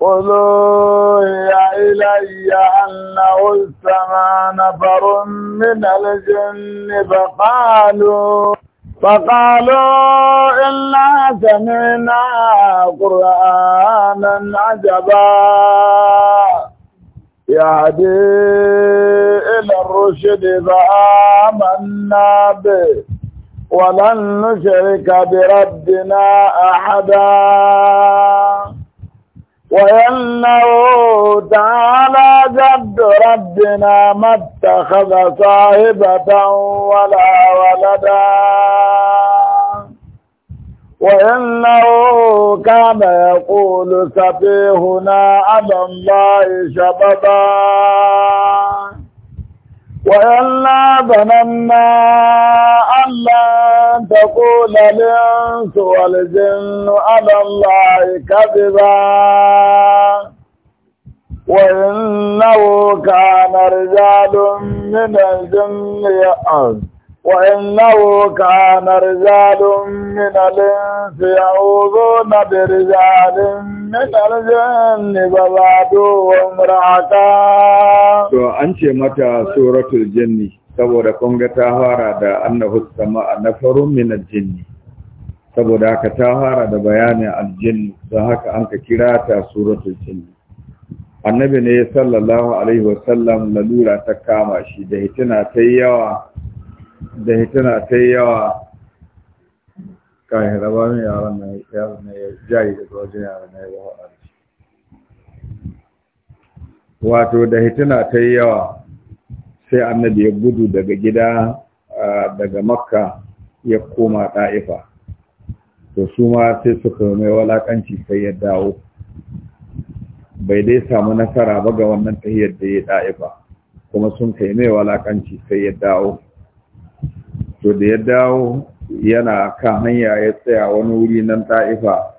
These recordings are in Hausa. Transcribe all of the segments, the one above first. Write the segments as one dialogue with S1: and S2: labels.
S1: قلوا إلي أنه استمع نفر من الجن فقالوا فقالوا إنا سمعنا قرآنا عجبا يهدي إلى الرشد فآمنا به ولن نشرك بربنا أحدا وينه تعالى جد ربنا ما اتخذ صاحبة ولا ولدا وإنه كان يقول سفيهنا على الله شببا وإلا ظننا أن تقول الإنس والجن على الله كذبا وإنه كان رجال من الجن يأذ وإنه كان رجال من الإنس يعوذون برجال من الجن فزادوهم رعتا.
S2: سورة الجن saboda kun ga ta fara da annahu sama'a nafarun min al saboda haka ta da bayanin aljin, jinn don haka an ka kira ta suratul jinn annabi ne sallallahu alaihi wa sallam lalura ta kama shi da hitina ta yawa da hitina ta yawa kai raba yaran yaran da yaran wato da hitina ta yawa sai annabi ya gudu daga gida daga makka ya koma ɗa'ifa to su ma sai suka mai walakanci sai ya dawo bai dai samu nasara ba ga wannan tahiyar da ya ɗa'ifa kuma sun kai mai walakanci sai ya dawo to da ya dawo yana kan hanya ya tsaya wani wuri nan ɗa'ifa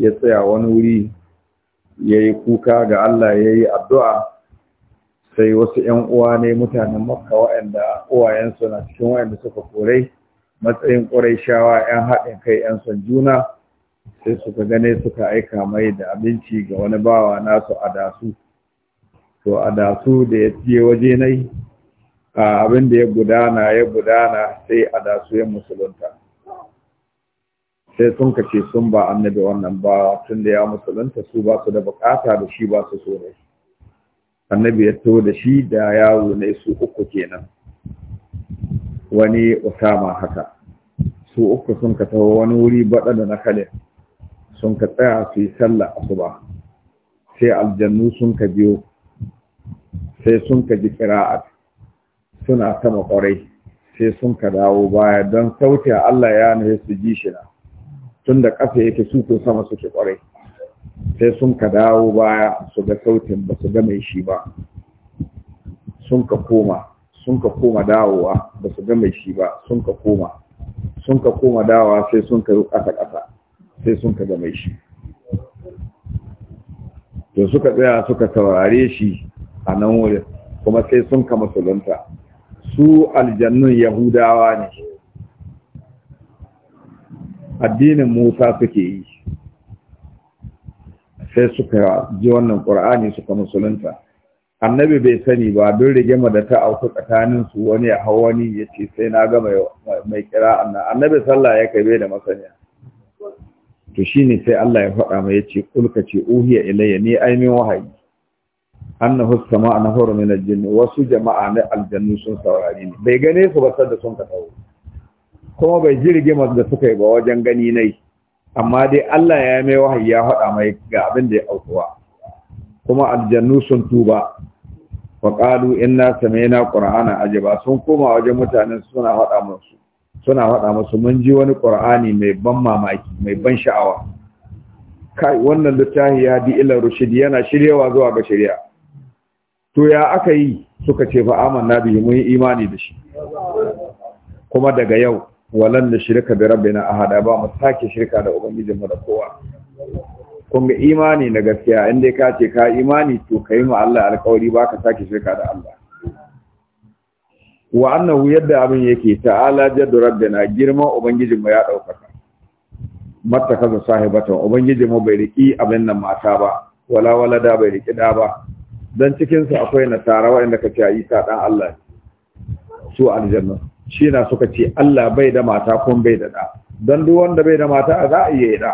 S2: ya tsaya wani wuri ya yi kuka ga Allah ya yi addu'a sai wasu ‘yan uwa ne mutanen makka waɗanda uwayensu na cikin waɗanda suka korai matsayin ƙurai, shawa ‘yan haɗin kai ‘yan son juna sai suka gane suka aika mai da abinci ga wani bawa nasu a dasu to a dasu da ya je waje nai abin da ya gudana ya gudana sai a dasu ya musulunta sai sun kace sun ba annabi wannan bawa tun da ya musulunta su ba su da bukata da shi ba su so ne annabi ya to da shi da yawo ne su uku kenan wani usama haka su uku sun ka taho wani wuri bada da na kalin sun ka tsaya su yi sallah asuba sai aljannu sun ka biyo sai sun ka ji kira'at suna sama kwarai sai sun ka dawo baya don sauti a Allah ya nufi su ji shi na tun da ƙasa yake su ko sama suke kwarai sai sun ka dawo baya su ga sautin ba su ga mai shi ba sun ka koma sun ka koma dawowa ba su ga mai shi ba sun ka koma sun ka koma dawowa sai sun ka yi kasa ƙasa sai sun ka ga mai shi to suka tsaya suka saurare shi a nan wurin kuma sai sun ka musulunta su aljannun yahudawa ne addinin musa suke yi sai suka ji wannan qur'ani suka musulunta annabi bai sani ba don rige da ta auku tsakanin su wani ya hau wani ya ce sai na gama mai kira annabi sallah ya kai bai da masaniya to shine sai Allah ya faɗa mai yace kul ka ce uhiya ilayya ni ai min wahayi annahu sama'a nafar min al-jinn wasu jama'a na aljannu sun saurari ni bai gane su ba sai da sun ka tawo kuma bai ji rigimar da suka yi ba wajen gani nai amma dai Allah ya mai wahayi ya faɗa mai ga abin da ya aukuwa kuma aljannu sun tuba wa qalu inna sami'na qur'ana ajaba sun koma wajen mutanen suna faɗa musu suna faɗa musu mun ji wani qur'ani mai ban mamaki mai ban sha'awa kai wannan littafi ya di ila rushid yana shiryawa zuwa ga shari'a to ya aka yi suka ce fa amanna bihi mun imani da shi kuma daga yau walan da shirka bi rabbina ahada ba mu sake shirka da ubangijin mu da kowa kun ga imani na gaskiya inda dai ka ce ka imani to kai mu Allah alƙawari ba ka sake shirka da Allah wa annahu yadda abin yake ta'ala jaddu rabbina girma ubangijin mu ya daukaka mata kaza sahibatan ubangijin mu bai riki abin nan mata ba wala wala da bai riki da ba dan cikin su akwai nasara ce kace Isa dan Allah su aljanna shi na suka ce Allah bai da mata ko bai da da don duk wanda bai da mata za a iya ɗa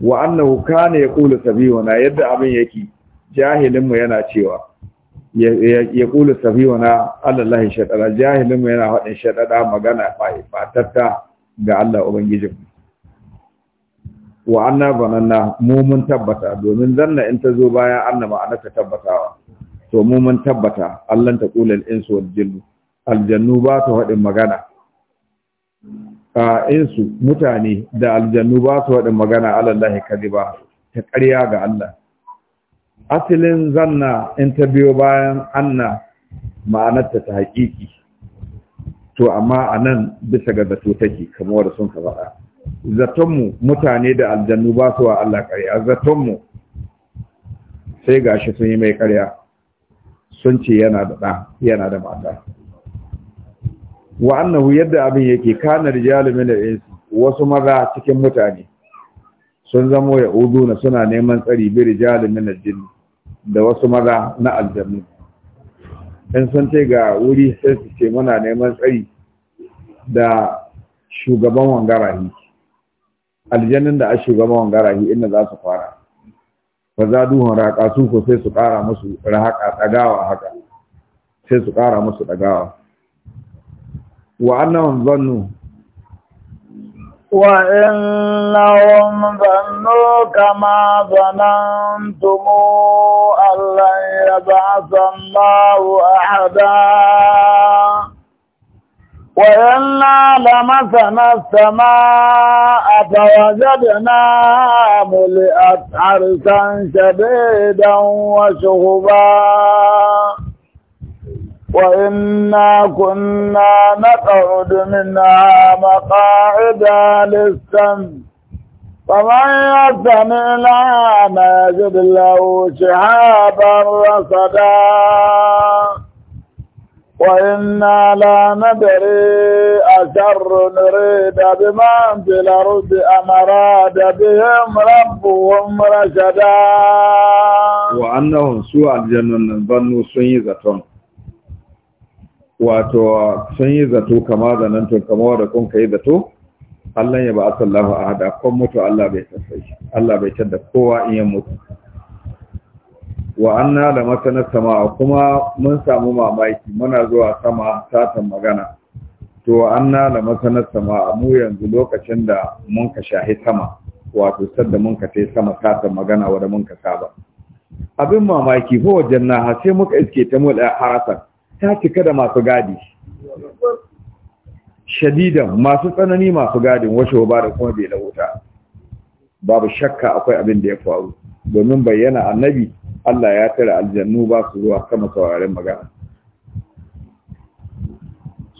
S2: wa annahu kana yaqulu na yadda abin yake jahilin mu yana cewa yaqulu na Allah shadara jahilin mu yana hadin shadada magana bai fatatta ga Allah ubangijin wa anna bananna mu mun tabbata domin zanna in ta zo baya annama ana ta tabbatawa to mu mun tabbata Allah ta kulal insu wal jinnu aljannu ba su haɗin magana a insu mutane da aljannu ba su haɗin magana alallahi ba, ta ƙarya ga Allah asilin zanna in ta biyo bayan anna ma'anarta ta haƙiƙi to amma a nan bisa ga zato take kamar sun ka faɗa zatonmu mutane da aljannu ba su wa Allah ƙarya zatonmu sai gashi sun yi mai ƙarya sun ce yana da ɗa yana da mata wa annahu yadda abin yake kana rijalu min al-ins wasu maza cikin mutane sun zamo ya uduna suna neman tsari bi rijalu min al-jinn da wasu maza na aljannu in sun ce ga wuri sai su ce muna neman tsari da shugaban wangarahi aljannin da a shugaban wangarahi inda za su fara fa za duhun raka su ko sai su ƙara musu rahaka ɗagawa haka sai su ƙara musu ɗagawa وأنهم ظنوا
S1: وإنهم ظنوا كما ظننتم أن لن يبعث الله أحدا وإنا لمسنا السماء فوجدنا ملئت حرسا شديدا وشهبا وإنا كنا نقعد منها مقاعد للسمع فمن يستمع لها ما يجد له شهابا رصدا وإنا لا ندري أشر نريد بمن في الأرض أم أراد بهم ربهم رشدا
S2: وأنهم سوء الجنة بنو سيئة wato sun yi zato kama da nan tun kama da kun ka yi zato Allah ya ba a sallahu a hada kon mutu Allah bai tafai Allah bai cadda kowa in yi mutu wa anna da masanar sama kuma mun samu mamaki muna zuwa sama satan magana to anna da masanar sama mu yanzu lokacin da mun ka shahi sama wato sadda mun ka sai sama satan magana wadda mun ka saba abin mamaki ko wajen na sai muka iske ta mul harasan ta cika da masu gadi shadidan masu tsanani masu gadin washe ba da kuma bai wuta babu shakka akwai abin da ya faru domin bayyana annabi Allah ya tara aljannu ba su zuwa kama sauraren magana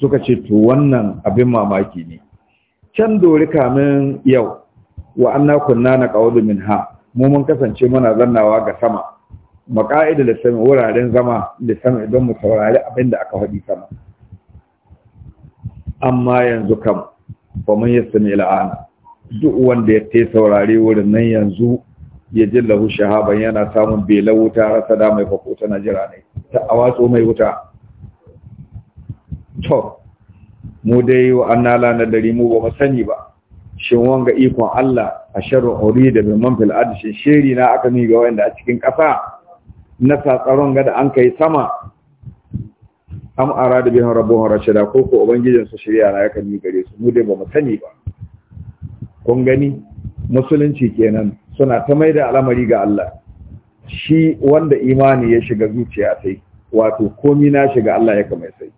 S2: suka ce to wannan abin mamaki ne can dori kamin yau wa kunna na qawdu minha mu mun kasance muna zannawa ga sama da sami wuraren zama da sami don mu saurari abin da aka faɗi sama amma yanzu kam ba mun sami la'ana duk wanda ya te saurari wurin nan yanzu ya lahu shahaban yana samun bela wuta rasa da mai fako tana jira ne ta watsu mai wuta to mu dai wa nala na dari mu ba mu sani ba shin wanga ikon Allah a sharru da bin manfil adshi shiri na aka mi ga wanda a cikin kasa na tsatsaron ga da an kai sama am arada bihan rabbuhum rashida ko ko ubangijin su shirya na yakan yi gare su mu dai mu sani ba kun gani musulunci kenan suna ta mai da al'amari ga Allah shi wanda imani ya shiga zuciya sai wato komi na shiga Allah ya kamar sai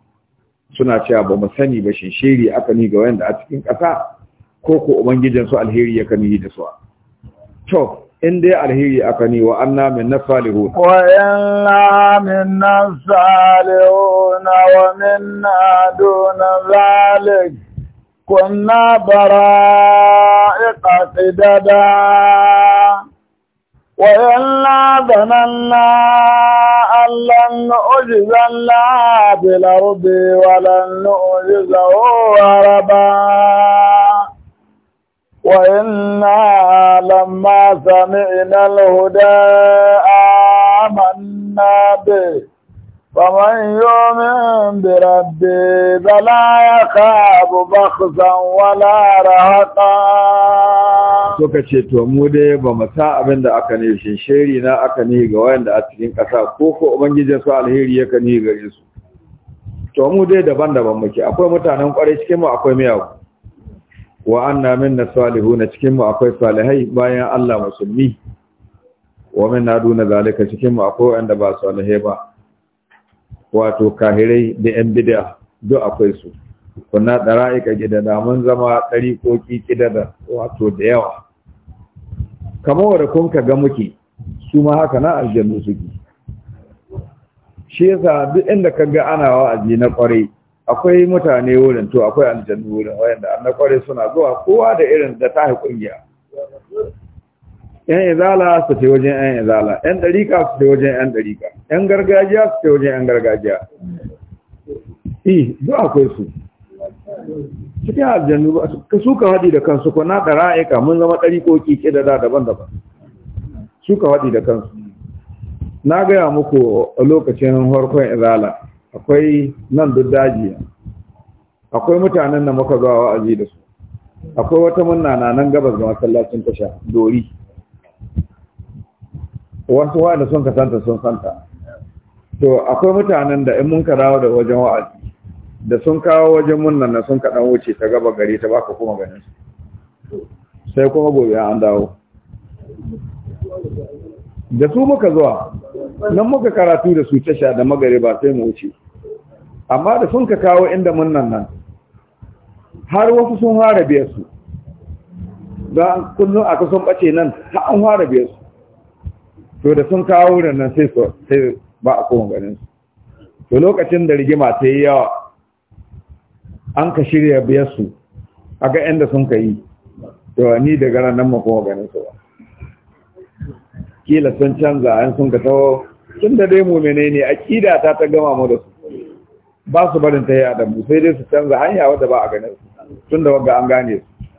S2: suna cewa ba mu sani ba shin shiri aka ni ga wanda a cikin ƙasa ko ko ubangijin su alheri ya kan yi da su to in dai alheri aka ni wa anna min nasalihun
S1: wa anna min nasalihun wa minna dun zalik kunna bara'iqa qidada wa anna dhananna an lan nu'jiza Allah bil ardi wa lan nu'jiza rabba wa inna فلما سمعنا الهدى آمنا به فمن يؤمن بربه فلا يخاف بخسا ولا رهقا
S2: suka ce to mu dai ba mu sa abin da aka ne shin sheri na aka ne ga wanda a cikin ƙasa ko ko ubangijin su alheri yaka ne gare su to mu dai daban-daban muke akwai mutanen kwarai cikin mu akwai miyagu wa anna minna salihuna cikin mu akwai salihai bayan Allah musulmi wa minna duna zalika cikin mu akwai wanda ba salihai ba wato kahirai da yan bid'a do akwai su kunna dara'ika da mun zama gida da wato da yawa kamar wanda kun ga muke su ma haka na aljannu suke shi yasa duk inda kaga ana wa'azi na kwarai akwai mutane wurin to akwai aljannu wurin wayanda an kware suna zuwa kowa da irin da ta kungiya yan izala su ce wajen yan izala yan ɗarika su ce wajen yan ɗarika, yan gargajiya su ce wajen yan gargajiya eh duk akwai su cikin aljannu ka suka haɗi da kansu ko na ɗara'ika mun zama ke da daban-daban suka haɗi da kansu na gaya muku a lokacin farkon izala akwai nan duk daji akwai mutanen da muka zuwa wa'azi da su akwai wata munna na nan gabas ga masallacin tasha dori wasu wa'anda sun kasanta sun santa to akwai mutanen da in mun ka dawo da wajen wa'azi da sun kawo wajen mun na sun ka dan wuce ta gaba gari ta baka kuma ganin su sai kuma gobe an dawo da su muka zuwa nan muka karatu da su tasha da ba sai mu wuce amma da sun ka kawo inda mun nan har wasu sun fara biyar su don kullum aka sun bace nan ta an fara biyar su to da sun kawo wurin nan sai sai ba a kowane ganin su to lokacin da rigima ta yi yawa an ka shirya biyar su a ga inda sun ka yi to ni daga ran nan ma kowane ganin su ba kila sun canza an sun ka taho tun da dai mu menene akida ta ta gama mu da su ba su barin ta yi adamu sai dai su canza hanya wadda ba a gane su tun da wadda an gane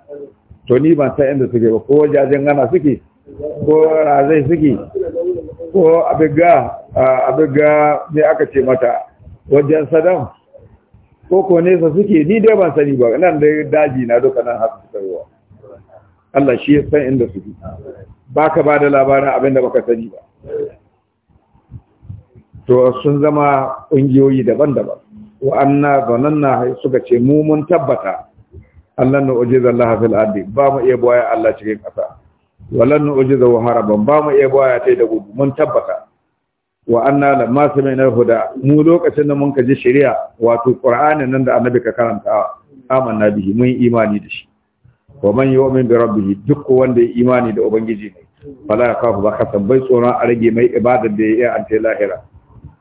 S2: su to ni ban san inda suke ba ko wajajen gana suke ko razai suke ko abiga abiga ne aka ce mata wajen sadam ko ko nesa suke ni dai ban sani ba nan dai daji na duka nan haka suka yi Allah shi ya san inda suke ba ka ba da labarin abin da baka sani ba to sun zama ƙungiyoyi daban-daban wa anna zananna suka ce mu mun tabbata Allah na ujiza Allah fil ardi ba mu iya boya Allah cikin kasa walan na ujiza wa haraban ba mu iya boya tai da gudu mun tabbata wa anna ma sami'na huda mu lokacin da mun ka ji shari'a wato qur'ani nan da annabi ka karanta amanna bihi mun imani da shi wa man yu'min bi rabbihi duk wanda ya imani da ubangiji ne wala ya ba kasan bai tsoron a rage mai ibadar da ya yi an lahira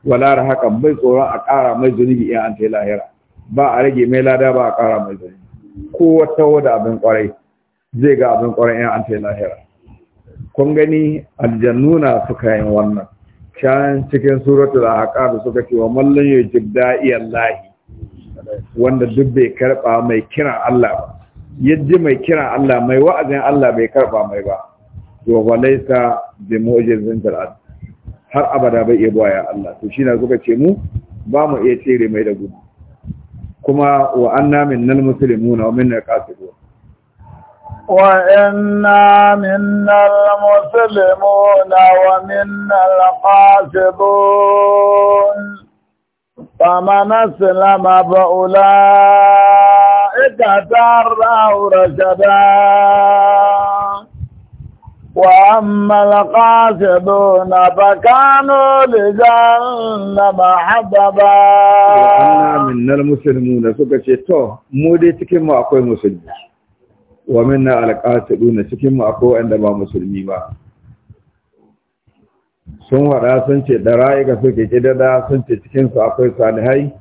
S2: wala da haka bai tsoron a ƙara mai zunubi in an tai lahira ba a rage mai lada ba a ƙara mai zunubi ko wata wada abin ƙwarai, zai ga abin ƙwarai in an tai lahira kun gani aljannuna suka yin wannan can cikin suratul ahqaf suka ce wa mallan lam yujib iyallahi. wanda duk bai karba mai kiran Allah ba yaji mai kiran Allah mai wa'azin Allah bai karba mai ba to walaysa bi mu'jizin har abada bai iya buwa ya Allah to shi na zuba ce mu
S1: ba mu iya tsere mai da gudu
S2: kuma wa anna minnal muslimuna wa minna qasidun
S1: wa inna minnal muslimuna wa minnal qasidun فمن أسلم فأولئك تروا رشدا وأما القاسدون فكانوا لجنة محببا
S2: وأنا منا المسلمون سوكا تو مودي تكيم أقوى مسلمين ومنا القاسدون تكيم أقوى عندما مسلمين sun wada sun ce da ra'ika suke da sun ce cikinsu akwai salihai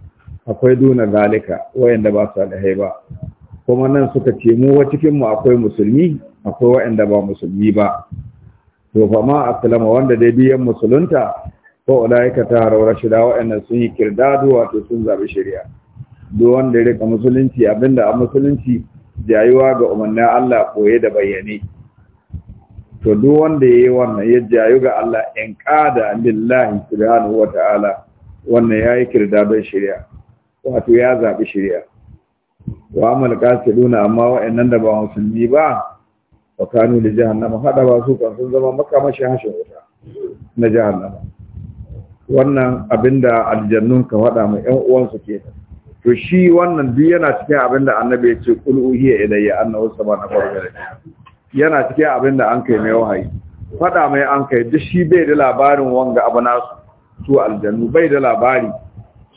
S2: akwai duna galika wayanda ba salihai ba kuma nan suka ce mu wa cikinmu akwai musulmi akwai waɗanda ba musulmi ba to fa ma aslama wanda dai biyan musulunta ko ulaika ta rawar shida waɗanda sun yi kirdadu wato sun zabi shari'a duk wanda ya rika musulunci abinda a musulunci jayuwa ga umarnin Allah koye da bayyane to duk wanda yayi wannan ya jayu ga Allah in qada billahi subhanahu wataala wannan yayi kirdadun shari'a wato ya zabi shari'a wa amal kasiduna amma wa'annan da ba musulmi ba wa kanu da jahannama hada ba su kan sun zama makamashin hashin wuta na jahannama wannan abin da aljannun ka faɗa mai ƴan uwansu ke to shi wannan duk yana cikin abin da annabi ya ce qul uhiya ilayya annahu sabana farqa yana cikin abin da an kai mai wahayi faɗa mai an kai duk shi bai da labarin wanga abu nasu su aljannu bai da labari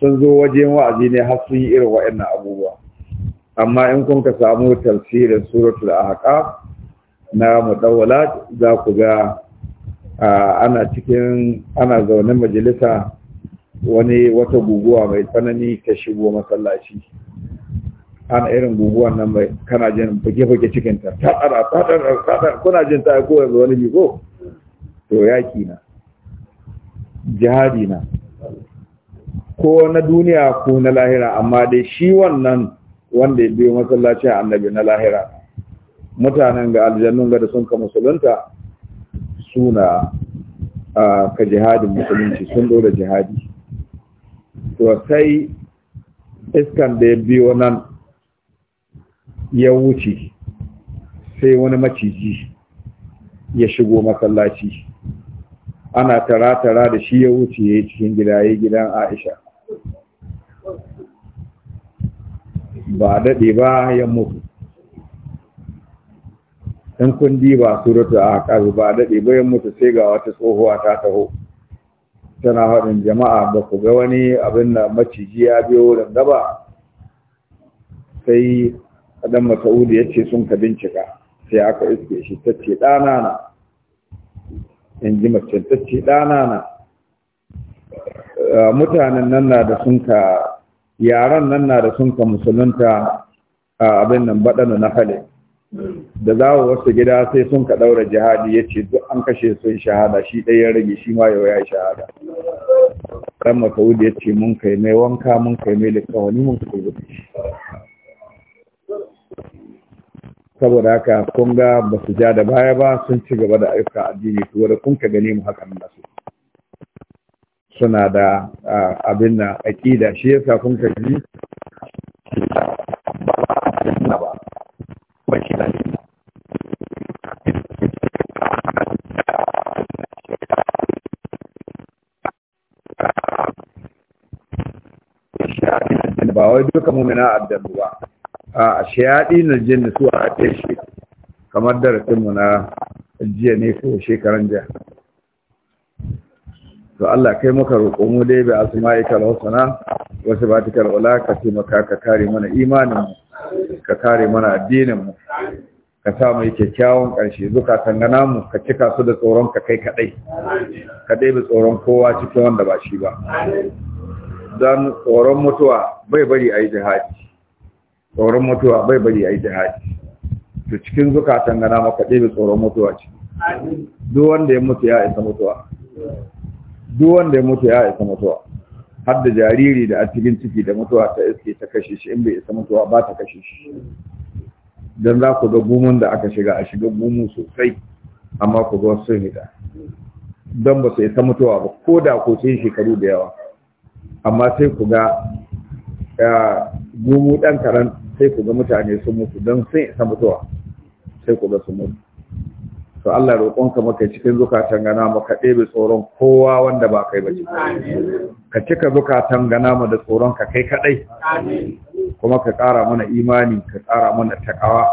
S2: sun zo wajen wa'azi ne har sun yi irin wa'annan abubuwa amma in kun ka samu tafsirin suratul ahqaf na mutawala za ku ga ana cikin ana zaune majalisa wani wata guguwa mai tsanani ta shigo masallaci ana irin guguwan nan mai kana jin fage-fage cikinta ta tsara ta tsara ta tsara kuna jin ta ko yanzu wani bigo to yaki na jihadi na ko na duniya ko na lahira amma dai shi wannan wanda ya biyo masallaci annabi na lahira mutanen ga aljannun ga da sun ka musulunta suna ka jihadin musulunci sun dora jihadi to sai iskan da ya biyo nan ya wuce sai wani maciji ya shigo masallaci
S3: ana tara-tara da
S2: shi ya wuce ya yi cikin gida ya yi gidan aisha ba daɗe ba ya mutu in kun diba suratu a haƙaru ba daɗe bayan mutu sai ga wata tsohuwa ta taho tana haɗin jama'a ba ku ga wani abin da maciji ya biyo da ba sai adam masaudi ya ce sun ka bincika sai aka iske shi ta ce ɗana na in ji macen ta ce ɗana na uh, mutanen nan na da sun ka yaran nan na da sun ka musulunta uh, abin nan baɗanu na halin da za a wasu gida sai sun ka daura jihadi ya ce duk an kashe sun shahada shi ɗaya rage shi ma yau ya yi shahada ran makaudi ya ce mun kai mai wanka mun kai mai da kawani mun kai wuce saboda haka kun ga ba su ja da baya ba sun ci gaba da ayyuka addini su, da kun ka gani mu hakan su suna da abin na aƙida shi yasa kun ka ji duka mumina addabu ba a shayadi na jinni su a haɗe shi kamar darasinmu na jiya ne ko shekaran jiya to Allah kai maka roƙo mu dai bi asma'ika al-husna wa sifatika ula ka taimaka ka kare mana imanin ka kare mana addinin mu ka sa mu mai kyakkyawan ƙarshe zuka tangana mu ka cika su da tsoron ka kai kadai ka dai bi tsoron kowa cikin wanda ba shi ba dan tsoron mutuwa bai bari a yi jihadi tsoron mutuwa bai bari a yi jihadi to cikin zukatan gana maka ɗebe tsoron mutuwa ce duk wanda ya mutu ya isa mutuwa duk wanda ya mutu ya isa mutuwa har da jariri da a cikin ciki da mutuwa ta iske ta kashe shi in bai isa mutuwa ba ta kashe shi don za ku ga gumun da aka shiga a shiga gumu sosai amma ku ga wasu hita don ba su isa mutuwa ba ko da ko sai shekaru da yawa amma sai ku ga gumu ɗan karan sai ku ga mutane sun mutu don sun isa mutuwa sai ku ga sun mutu to Allah roƙonka maka cikin zukatan gana mu ka ɗebe tsoron kowa wanda ba kai ba ka cika zukatan gana mu da tsoron ka kai kaɗai kuma ka ƙara mana imani ka ƙara mana taƙawa,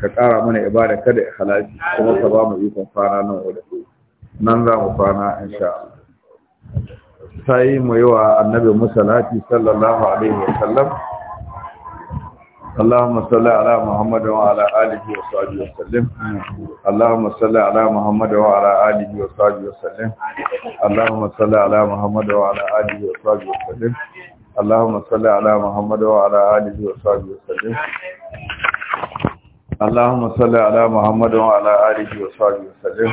S2: ka ƙara mana ibada kada ikhlasi kuma ka ba mu ikon kwana nan wurin nan za mu kwana insha Allah ta yi mai wa annabi musalati sallallahu alaihi Allahumma salli ala Muhammad wa ala alihi wa sahbihi wa sallim Allahumma salli ala Muhammad wa ala alihi wa sahbihi wa sallim Allahumma salli ala Muhammad wa ala alihi wa sahbihi wa sallim Allahumma salli ala Muhammad wa ala alihi wa sahbihi wa sallim Allahumma salli ala Muhammad wa ala alihi wa sahbihi wa sallim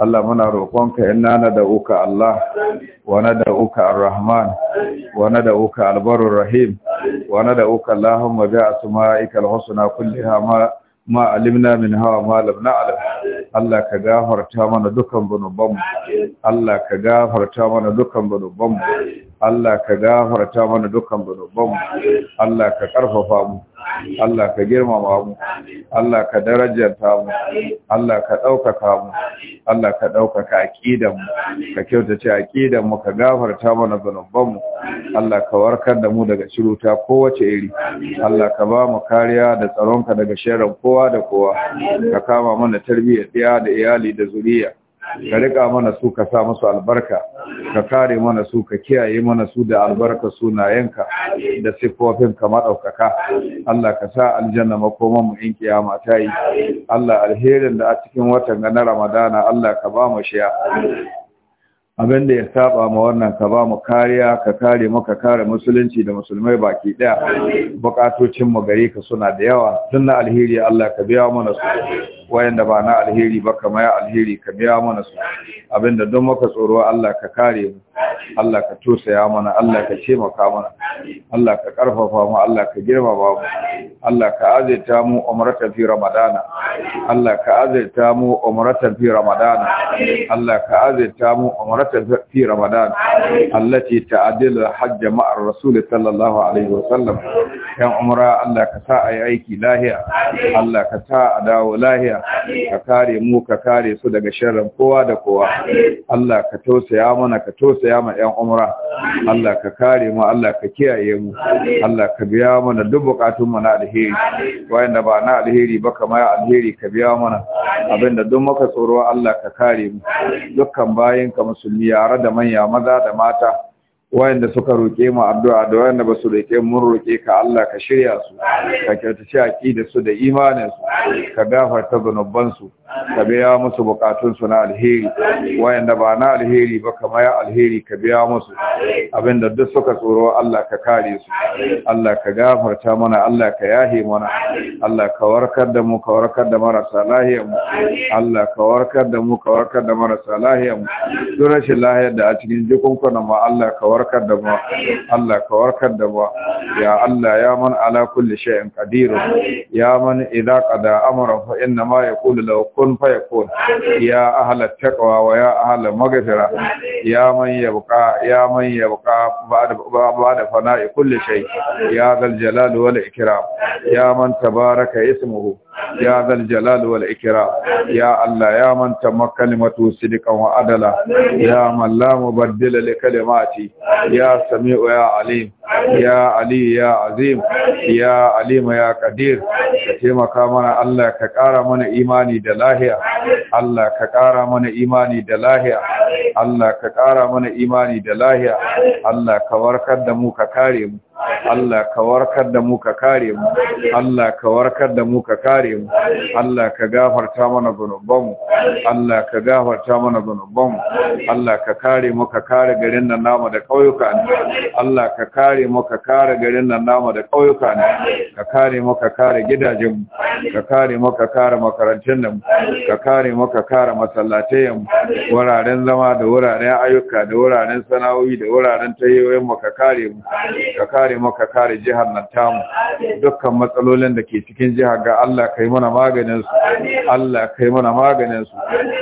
S2: Allah muna roƙonka da uka Allah wa uka Ar-Rahman wa nad'uka Al-Barur Rahim wa nad'uka Allahumma bi asma'ikal husna na kulle ma alimna min hawa malam na na'lam Allah ka gafarta mana dukan zunubanmu Allah ka gafarta mana dukan zunubanmu Allah ka gafarta mana dukan zunubanmu Allah ka ƙarfafa mu
S3: Allah ka girmama mu Allah ka darajanta mu
S2: Allah ka ɗaukaka mu Allah ka ɗaukaka aqidan mu ka kyautace aqidan mu ka gafarta mana zanuban mu Allah ka warkar da mu daga shiruta kowace iri Allah ka ba mu kariya da tsaronka daga sharrin kowa da kowa ka kama mana tarbiyya, ɗaya da iyali da zuriya ka rika mana su ka sa musu albarka ka kare mana su ka kiyaye mana su da albarka sunayenka da siffofin ka madaukaka Allah ka sa aljanna makoman mu in kiyama ta yi Allah alherin da a cikin watan ga na Ramadana Allah ka ba mu shiya abin da ya saba ma wannan ka ba mu kariya ka kare mu ka kare musulunci da musulmai baki ɗaya. bukatocin mu gare ka suna da yawa sunna alheri Allah ka biya mana su wayanda ba na alheri ba kama ya alheri ka biya mana su abinda don maka tsoro Allah ka kare mu Allah ka tosaya mana Allah ka taimaka mana Allah ka karfafa mu Allah ka girmama mu Allah ka azaita mu umratan fi ramadana Allah ka azaita mu umratan fi ramadana Allah ka azaita mu umratan fi ramadana allati ta'dilu hajj ma'a ar-rasul sallallahu alaihi wa sallam yan umra Allah ka sa a yi aiki lahiya Allah ka sa a dawo lahiya ka kare mu ka kare su daga sharrin kowa da kowa Allah ka tausaya mana ka tausaya ma yan umra Allah ka kare mu Allah ka kiyaye mu Allah ka biya mana duk bukatun mu na alheri da ba na alheri ba kamar alheri ka biya mana abinda duk muka tsoro Allah ka kare mu dukkan bayan ka musulmi yare da manya maza da mata wayanda suka roƙe mu addu'a da wayanda ba su roƙe mun roƙe ka Allah ka shirya su ka kyautace aqidar su da imanin su ka gafarta zanubban su ka biya musu bukatunsu na alheri wayanda ba na alheri ba kama ya alheri ka biya musu abinda duk suka tsoro Allah ka kare su Allah ka gafarta mana Allah ka yahe mana Allah ka warkar da mu ka warkar da marasa lahiyar mu Allah ka warkar da mu ka warkar da marasa lahiyar mu duk rashin lahiyar da a cikin jikunkunan mu Allah ka warkar da mu Allah ka warkar da mu ya Allah ya man ala kulli shay'in qadir ya man idza qada amra fa inna ma yaqulu lahu kun fayakun ya ahla taqwa wa ya ahla maghfira ya man yabqa ya man yabqa ba'da ba'da fana'i kulli shay ya dhal jalal wal ikram ya man tabaraka ismuhu ya dhal jalal wal ikram ya allah ya man tamakkalimatu sidqan wa adala ya man la mubaddila li kalimati ya sami'u ya alim ya ali ya azim ya alim ya qadir
S3: ka taimaka
S2: mana Allah ka ƙara mana imani da lahiya Allah ka ƙara mana imani da lahiya Allah ka ƙara mana imani da lahiya Allah ka warkar da mu ka kare mu Allah ka warkar da mu ka kare mu Allah ka warkar da mu ka kare mu Allah ka gafarta mana mu Allah ka gafarta mana mu Allah ka kare mu ka kare garin nan namu da kauyuka Allah ka kare mu ka kare garin nan namu da kauyuka ka kare mu ka kare gidajen mu ka kare mu ka kare makarantun nan ka kare mu ka kare masallatayen mu wuraren zama da wuraren ayyuka da wuraren sana'o'i da wuraren tayoyin mu ka kare mu ka kare maka ka kare jihar nan tamu dukkan matsalolin da ke cikin jiha ga Allah kai mana maganinsu, su Allah kai mana maganin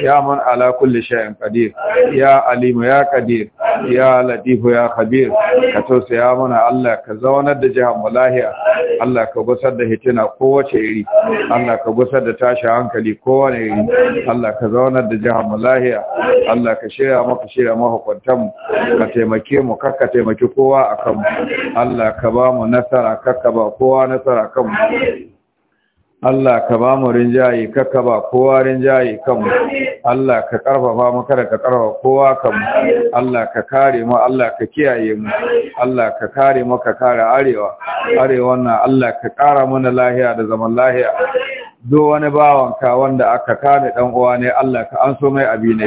S2: ya man ala kulli shay'in qadir ya alimu ya qadir ya latifu ya khabir ka tausaya mana Allah ka zaunar da jihar mu lahiya Allah ka gusar da hitina kowace iri Allah ka gusar da tashi hankali kowane iri Allah ka zaunar da jihar mu lahiya Allah ka shirya maka shirya kwantan mu ka taimake mu kar ka taimaki kowa akan mu Allah ka ba mu nasara kar ba kowa nasara kan mu Allah ka ba mu rinjaye kakka ba kowa rinjaye kanmu Allah ka karfafa mu kada ka karfafa kowa kanmu Allah ka kare mu Allah ka kiyaye mu Allah ka kare mu ka kare arewa arewa na Allah ka kara mana lahiya da zaman lahiya do wani bawanka wanda aka kane dan uwa ne Allah ka an so mai abi ne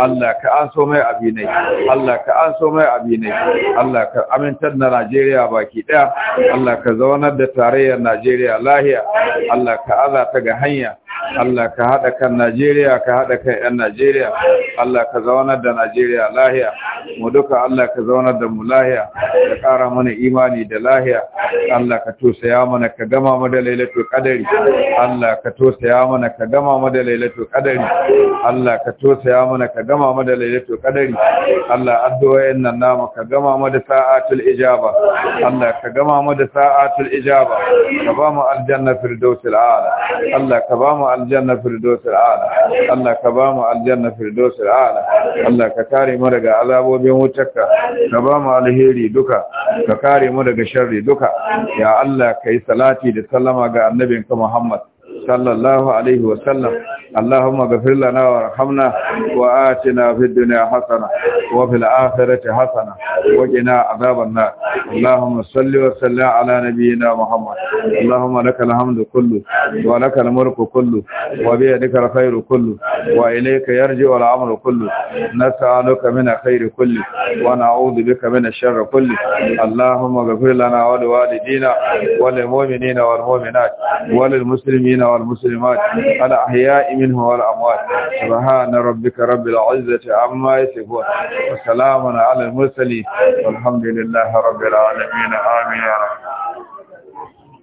S2: Allah ka an so mai abi ne Allah ka an so mai abi ne Allah ka amintar da Najeriya baki daya Allah ka zaunar da tarayyar Najeriya lahiya Allah ka azata ga hanya Allah ka hada kan Najeriya ka hada kan yan Najeriya Allah ka zaunar da Najeriya lahiya mu duka Allah ka zaunar da mu lahiya ka ƙara mana imani da lahiya Allah ka tosaya mana ka gama mu da lailatul qadari Allah ka tosaya mana ka gama mu da lailatul qadari Allah ka tosaya mana ka gama mu da lailatul qadari Allah addu'o'in nan namu ka gama mu da sa'atul ijaba Allah ka gama mu da sa'atul ijaba ka ba mu aljanna firdausil a'la Allah ka ba mu aljanna firdausil a'la Allah ka ba mu aljanna firdausil a'la Allah ka kare mu daga azabo dabbobin wutarka ka ba mu alheri duka ka kare mu daga sharri duka ya Allah kai salati da sallama ga annabinka Muhammad sallallahu alaihi wasallam allahumma ghafir lana warhamna wa atina fid dunya hasana wa fil akhirati hasana wa qina adhaban nar allahumma salli wa sallim ala nabiyyina muhammad allahumma lakal hamdu kullu wa lakal mulku kullu wa bi yadika alkhayru kullu wa ilayka yarji wal amru kullu nas'aluka min khayri kulli wa na'udhu bika min sharri kulli allahumma ghafir lana wa liwalidina wal mu'minina wal mu'minat wal muslimina والمسلمات الأحياء منه والأموات سبحان ربك رب العزة عما يصفون وسلام على المرسلين والحمد لله رب العالمين آمين يا
S3: رب